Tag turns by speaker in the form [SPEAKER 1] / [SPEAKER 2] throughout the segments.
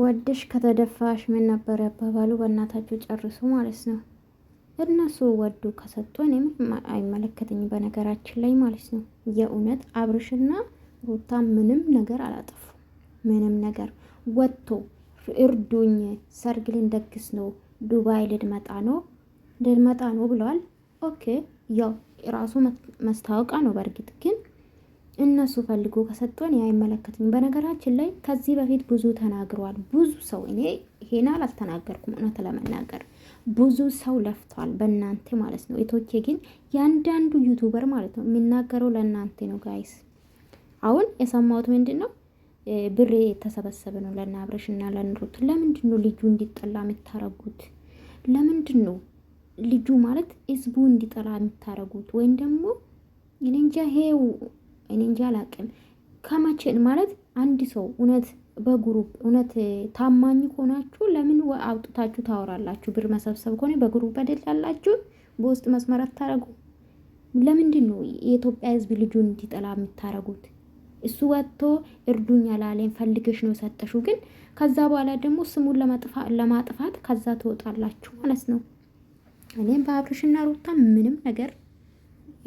[SPEAKER 1] ወደሽ ከተደፋሽ ምን ነበር ያባባሉ? በእናታቸው ጨርሱ ማለት ነው። እነሱ ወዱ ከሰጡ እኔ ምንም አይመለከተኝ በነገራችን ላይ ማለት ነው። የእውነት አብርሽና ሩታ ምንም ነገር አላጠፉም። ምንም ነገር ወጥቶ እርዱኝ፣ ሰርግ ልንደግስ ነው፣ ዱባይ ልድመጣ ነው ልድመጣ ነው ብለዋል። ኦኬ ያው ራሱ መስታወቃ ነው በእርግጥ ግን እነሱ ፈልጎ ከሰጡን ያ አይመለከትም። በነገራችን ላይ ከዚህ በፊት ብዙ ተናግሯል። ብዙ ሰው እኔ ይሄን አልተናገርኩም፣ እውነት ለመናገር ብዙ ሰው ለፍቷል፣ በእናንተ ማለት ነው። የቶቼ ግን የአንዳንዱ ዩቱበር ማለት ነው የሚናገረው ለእናንተ ነው። ጋይስ አሁን የሰማሁት ምንድን ነው ብሬ የተሰበሰበ ነው ለእነ አብረሽ እና ለንሩት። ለምንድን ነው ልጁ እንዲጠላ የምታረጉት? ለምንድን ነው ልጁ ማለት ህዝቡ እንዲጠላ የምታረጉት? ወይም ደግሞ እኔ እንጃ ሄው እኔ እንጂ አላቅም። ከመቼን ማለት አንድ ሰው እውነት በግሩፕ እውነት ታማኝ ከሆናችሁ ለምን አውጥታችሁ ታወራላችሁ? ብር መሰብሰብ ከሆነ በግሩፕ በደል ያላችሁ በውስጥ መስመር አታረጉ። ለምንድን ነው የኢትዮጵያ ሕዝብ ልጁን እንዲጠላ የምታረጉት? እሱ ወጥቶ እርዱኛ ላለን ፈልገሽ ነው ሰጠሹ። ግን ከዛ በኋላ ደግሞ ስሙን ለማጥፋት ከዛ ትወጣላችሁ ማለት ነው። እኔም በአብርሽና ሩታ ምንም ነገር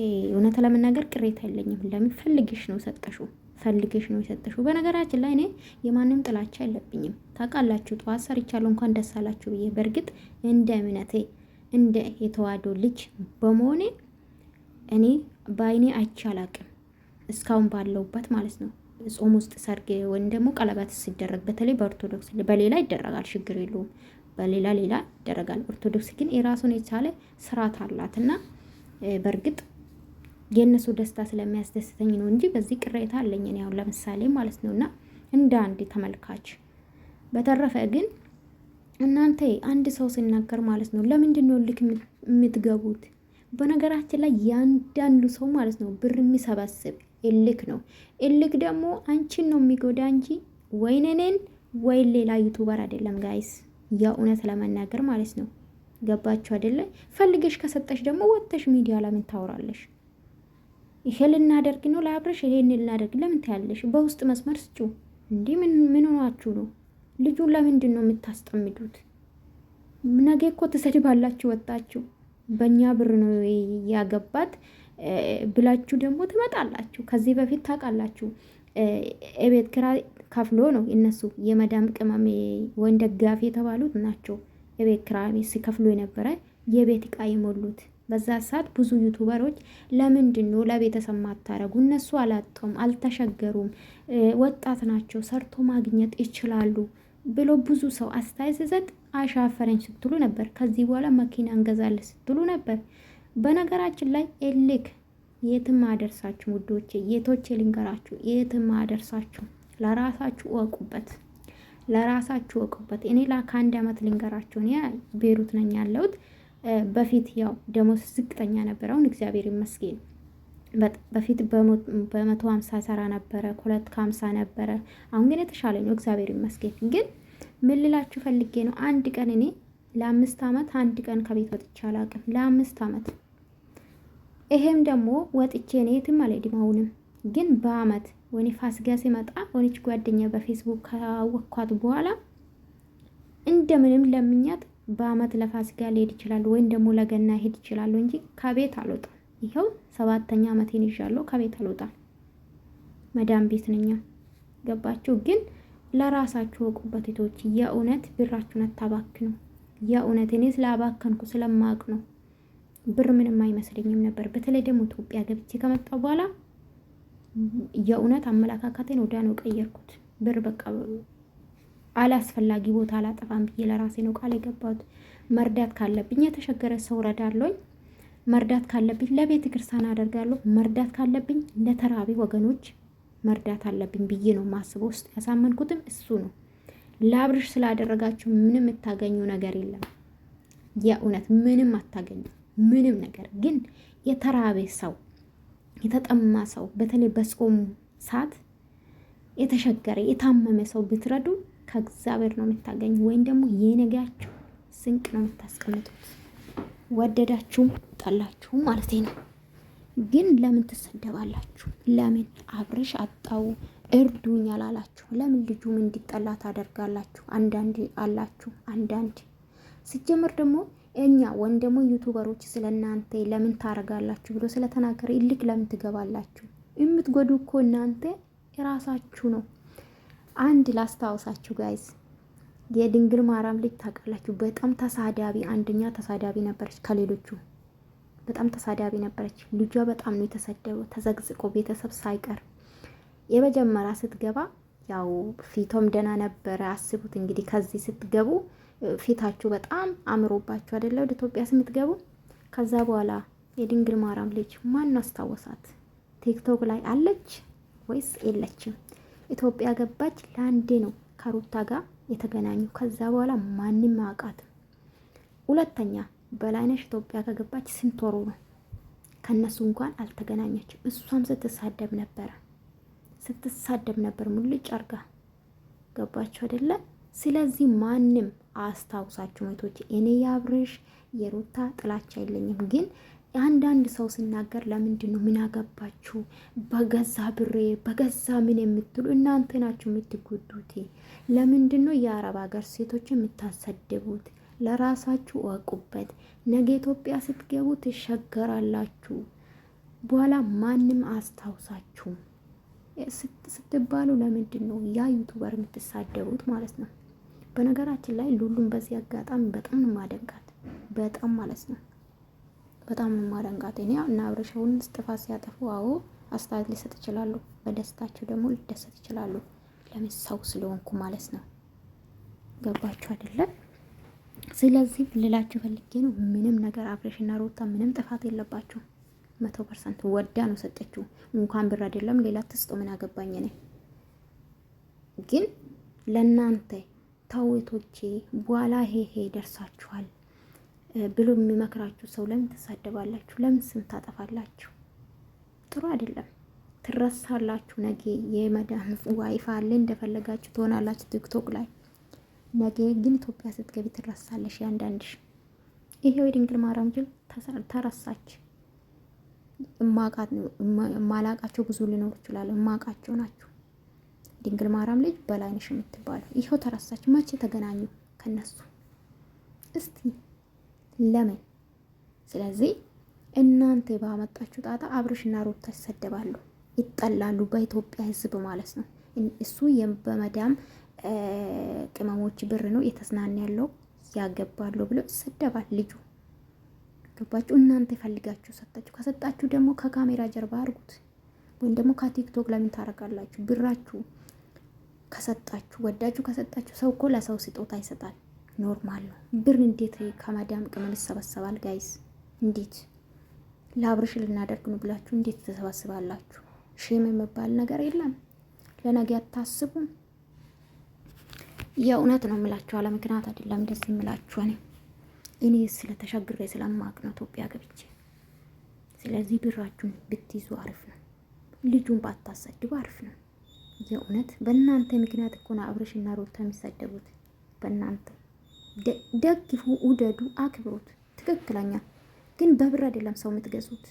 [SPEAKER 1] እውነት ለመናገር ቅሬታ የለኝም። ለምን ፈልጌሽ ነው ሰጠሹ ፈልጌሽ ነው የሰጠሹ። በነገራችን ላይ እኔ የማንም ጥላቻ የለብኝም። ታውቃላችሁ፣ ጠዋት ሰርቻለሁ እንኳን ደስ አላችሁ ብዬ። በእርግጥ እንደ እምነቴ እንደ የተዋህዶ ልጅ በመሆኔ እኔ በአይኔ አይቼ እስካሁን ባለውበት ማለት ነው። ጾም ውስጥ ሰርግ ወይም ደግሞ ቀለበት ሲደረግ በተለይ በኦርቶዶክስ በሌላ ይደረጋል፣ ችግር የለውም። በሌላ ሌላ ይደረጋል። ኦርቶዶክስ ግን የራሱን የቻለ ስርዓት አላት እና በእርግጥ የእነሱ ደስታ ስለሚያስደስተኝ ነው እንጂ በዚህ ቅሬታ አለኝ። እኔ አሁን ለምሳሌ ማለት ነው እና እንደ አንድ ተመልካች በተረፈ ግን እናንተ አንድ ሰው ሲናገር ማለት ነው ለምንድን ነው ልክ የምትገቡት? በነገራችን ላይ ያንዳንዱ ሰው ማለት ነው ብር የሚሰበስብ እልክ ነው። እልክ ደግሞ አንቺን ነው የሚጎዳ እንጂ ወይን እኔን ወይን ሌላ ዩቱበር አይደለም። ጋይስ የእውነት ለመናገር ማለት ነው ገባችሁ አይደለ? ፈልገሽ ከሰጠሽ ደግሞ ወጥተሽ ሚዲያ ለምን ታወራለሽ? ይሄ ልናደርግ ነው ለአብረሽ ይሄን ልናደርግ ለምን ታያለሽ? በውስጥ መስመር ስጩ እንዲህ ምን ምን ሆናችሁ ነው? ልጁ ለምንድን ነው የምታስጠምዱት? ነገ እኮ ትሰድባላችሁ ወጣችሁ በእኛ ብር ነው ያገባት ብላችሁ ደግሞ ትመጣላችሁ። ከዚህ በፊት ታውቃላችሁ፣ እቤት ኪራይ ከፍሎ ነው እነሱ የመዳም ቅመም ወይም ደጋፊ የተባሉት ናቸው። እቤት ኪራይ ሲከፍሉ የነበረ የቤት እቃ የሞሉት በዛ ሰዓት ብዙ ዩቱበሮች ለምንድን ነው ለቤተሰብ ማታረጉ? እነሱ አላጡም፣ አልተሸገሩም፣ ወጣት ናቸው፣ ሰርቶ ማግኘት ይችላሉ ብሎ ብዙ ሰው አስተያየት ሲሰጥ አሻፈረኝ ስትሉ ነበር። ከዚህ በኋላ መኪና እንገዛለን ስትሉ ነበር። በነገራችን ላይ ኤሌክ የትም አደርሳችሁ ውዶቼ፣ የቶቼ ልንገራችሁ፣ የትም አደርሳችሁ። ለራሳችሁ እወቁበት፣ ለራሳችሁ እወቁበት። እኔ ከአንድ ዓመት ልንገራችሁ፣ እኔ ቤሩት ነኝ ያለሁት በፊት ያው ደሞዝ ዝቅተኛ ነበር። አሁን እግዚአብሔር ይመስገን በፊት በመቶ ሀምሳ ሰራ ነበረ ሁለት ከሀምሳ ነበረ። አሁን ግን የተሻለ ነው እግዚአብሔር ይመስገን። ግን ምን ልላችሁ ፈልጌ ነው፣ አንድ ቀን እኔ ለአምስት አመት አንድ ቀን ከቤት ወጥቼ አላውቅም። ለአምስት አመት ይሄም ደግሞ ወጥቼ እኔ የትም አልሄድም። አሁንም ግን በአመት ወይኔ ፋሲካ ሲመጣ ሆነች ጓደኛ በፌስቡክ ካወቅኳት በኋላ እንደምንም ለምኛት በአመት ለፋሲካ ሊሄድ ይችላል ወይም ደግሞ ለገና ሄድ ይችላሉ እንጂ ከቤት አልወጣ። ይኸው ሰባተኛ አመቴን ይዣለሁ። ከቤት አልወጣ። መዳም ቤት ነኛ። ገባችሁ? ግን ለራሳችሁ ወቁበት እህቶች። የእውነት ብራችሁን አታባክኑ። የእውነት እኔ ስላባከንኩ ስለማቅ ነው። ብር ምንም አይመስለኝም ነበር። በተለይ ደግሞ ኢትዮጵያ ገብቼ ከመጣሁ በኋላ የእውነት አመለካከቴን ወዲያ ነው ቀየርኩት። ብር በቃ አላስፈላጊ ቦታ አላጠፋም ብዬ ለራሴ ነው ቃል የገባሁት። መርዳት ካለብኝ የተቸገረ ሰው ረዳለኝ። መርዳት ካለብኝ ለቤት ክርስቲያን አደርጋለሁ። መርዳት ካለብኝ ለተራቢ ወገኖች መርዳት አለብኝ ብዬ ነው ማስበው። ውስጥ ያሳመንኩትም እሱ ነው። ለአብርሽ ስላደረጋችሁ ምንም የምታገኙ ነገር የለም። የእውነት ምንም አታገኙ ምንም ነገር። ግን የተራቤ ሰው የተጠማ ሰው በተለይ በጾም ሰዓት የተሸገረ የታመመ ሰው ብትረዱ ከእግዚአብሔር ነው የምታገኙ፣ ወይም ደግሞ የነገያችሁ ስንቅ ነው የምታስቀምጡት። ወደዳችሁም ጠላችሁም ማለት ነው። ግን ለምን ትሰደባላችሁ? ለምን አብርሽ አጣው እርዱኝ አላላችሁ? ለምን ልጁም እንዲጠላ ታደርጋላችሁ? አንዳንድ አላችሁ አንዳንድ ሲጀምር ደግሞ እኛ ወይም ደግሞ ዩቱበሮች ስለ እናንተ ለምን ታረጋላችሁ ብሎ ስለተናገረ ይልቅ ለምን ትገባላችሁ? የምትጎዱ እኮ እናንተ የራሳችሁ ነው። አንድ ላስታውሳችሁ ጋይዝ የድንግል ማርያም ልጅ ታውቃላችሁ፣ በጣም ተሳዳቢ አንደኛ ተሳዳቢ ነበረች። ከሌሎቹ በጣም ተሳዳቢ ነበረች። ልጇ በጣም ነው የተሰደበው፣ ተዘግዝቆ ቤተሰብ ሳይቀር የመጀመሪያ ስትገባ ያው ፊቶም ደህና ነበረ። አስቡት እንግዲህ ከዚህ ስትገቡ ፊታችሁ በጣም አምሮባችሁ አይደለ ወደ ኢትዮጵያ ስምትገቡ። ከዛ በኋላ የድንግል ማርያም ልጅ ማን አስታወሳት? ቲክቶክ ላይ አለች ወይስ የለችም? ኢትዮጵያ ገባች። ለአንዴ ነው ከሩታ ጋር የተገናኙ። ከዛ በኋላ ማንም ማቃት? ሁለተኛ በላይነሽ ኢትዮጵያ ከገባች ስንት ወሩ ነው? ከነሱ እንኳን አልተገናኘች። እሷም ስትሳደብ ነበረ ስትሳደብ ነበር ሙልጭ አርጋ ገባችሁ አይደለ? ስለዚህ ማንም አስታውሳችሁ ሞቶች እኔ የአብርሽ የሩታ ጥላቻ የለኝም ግን አንዳንድ ሰው ስናገር ለምንድን ነው ምን አገባችሁ በገዛ ብሬ በገዛ ምን የምትሉ እናንተ ናችሁ የምትጎዱት። ለምንድን ነው የአረብ ሀገር ሴቶች የምታሰድቡት? ለራሳችሁ እወቁበት። ነገ ኢትዮጵያ ስትገቡ ትሸገራላችሁ። በኋላ ማንም አስታውሳችሁ ስትባሉ ለምንድን ነው ያ ዩቱበር የምትሳደቡት ማለት ነው። በነገራችን ላይ ሉሉም በዚህ አጋጣሚ በጣም ማደንቃት በጣም ማለት ነው በጣም ነው ማደንቃት እኔ እና አብረሸውን ጥፋት ሲያጠፉ አዎ አስተያየት ሊሰጥ ይችላሉ። በደስታቸው ደግሞ ሊደሰት ይችላሉ። ለምን ሰው ስለሆንኩ ማለት ነው። ገባችሁ አይደለም? ስለዚህ ልላችሁ ፈልጌ ነው ምንም ነገር አብረሽና ሮታ ምንም ጥፋት የለባቸው። መቶ ፐርሰንት ወዳ ነው ሰጠችው። እንኳን ብር አይደለም ሌላ ትስጦ ምን አገባኝ እኔ። ግን ለእናንተ ታውቶቼ በኋላ ሄሄ ደርሳችኋል ብሎ የሚመክራችሁ ሰው ለምን ትሳደባላችሁ? ለምን ስም ታጠፋላችሁ? ጥሩ አይደለም። ትረሳላችሁ። ነገ የመዳም ዋይፋ አለ እንደፈለጋችሁ ትሆናላችሁ ቲክቶክ ላይ። ነገ ግን ኢትዮጵያ ስትገቢ ትረሳለሽ ያንዳንድሽ። ይሄ ወይ ድንግል ማርያም ጅል ተረሳች። ማላቃቸው ብዙ ሊኖሩ ይችላሉ። ማቃቸው ናቸው። ድንግል ማርያም ልጅ በላይነሽ የምትባለው ይኸው ተረሳች። መቼ ተገናኙ ከነሱ እስቲ ለምን? ስለዚህ እናንተ ባመጣችሁ ጣጣ አብርሽና ሩታ ይሰደባሉ፣ ይጠላሉ፣ በኢትዮጵያ ሕዝብ ማለት ነው። እሱ በመዳም ቅመሞች ብር ነው የተዝናን ያለው ያገባሉ ብሎ ይሰደባል ልጁ። ገባችሁ? እናንተ ፈልጋችሁ ሰጣችሁ። ከሰጣችሁ ደግሞ ከካሜራ ጀርባ አድርጉት፣ ወይም ደግሞ ከቲክቶክ ለምን ታደርጋላችሁ? ብራችሁ ከሰጣችሁ ወዳችሁ ከሰጣችሁ ሰው እኮ ለሰው ስጦታ ይሰጣል። ኖርማል ነው። ብር እንዴት ከማዳም ቅመም ይሰበሰባል? ጋይስ እንዴት ለአብርሽ ልናደርግ ነው ብላችሁ እንዴት ተሰባስባላችሁ? ሼም የሚባል ነገር የለም። ለነገ አታስቡም። የእውነት ነው የምላችሁ፣ አለ ምክንያት አይደለም ደስ የምላችሁ። እኔ እኔ ስለተሻግሬ ስለማቅ ነው ኢትዮጵያ ገብቼ። ስለዚህ ብራችሁን ብትይዙ አሪፍ ነው። ልጁን ባታሰድቡ አሪፍ ነው። የእውነት በእናንተ ምክንያት እኮ ነው እና ሩታ የሚሰደቡት በእናንተ ደግፉ፣ ውደዱ፣ አክብሩት። ትክክለኛ ግን በብር አይደለም ሰው የምትገዙት።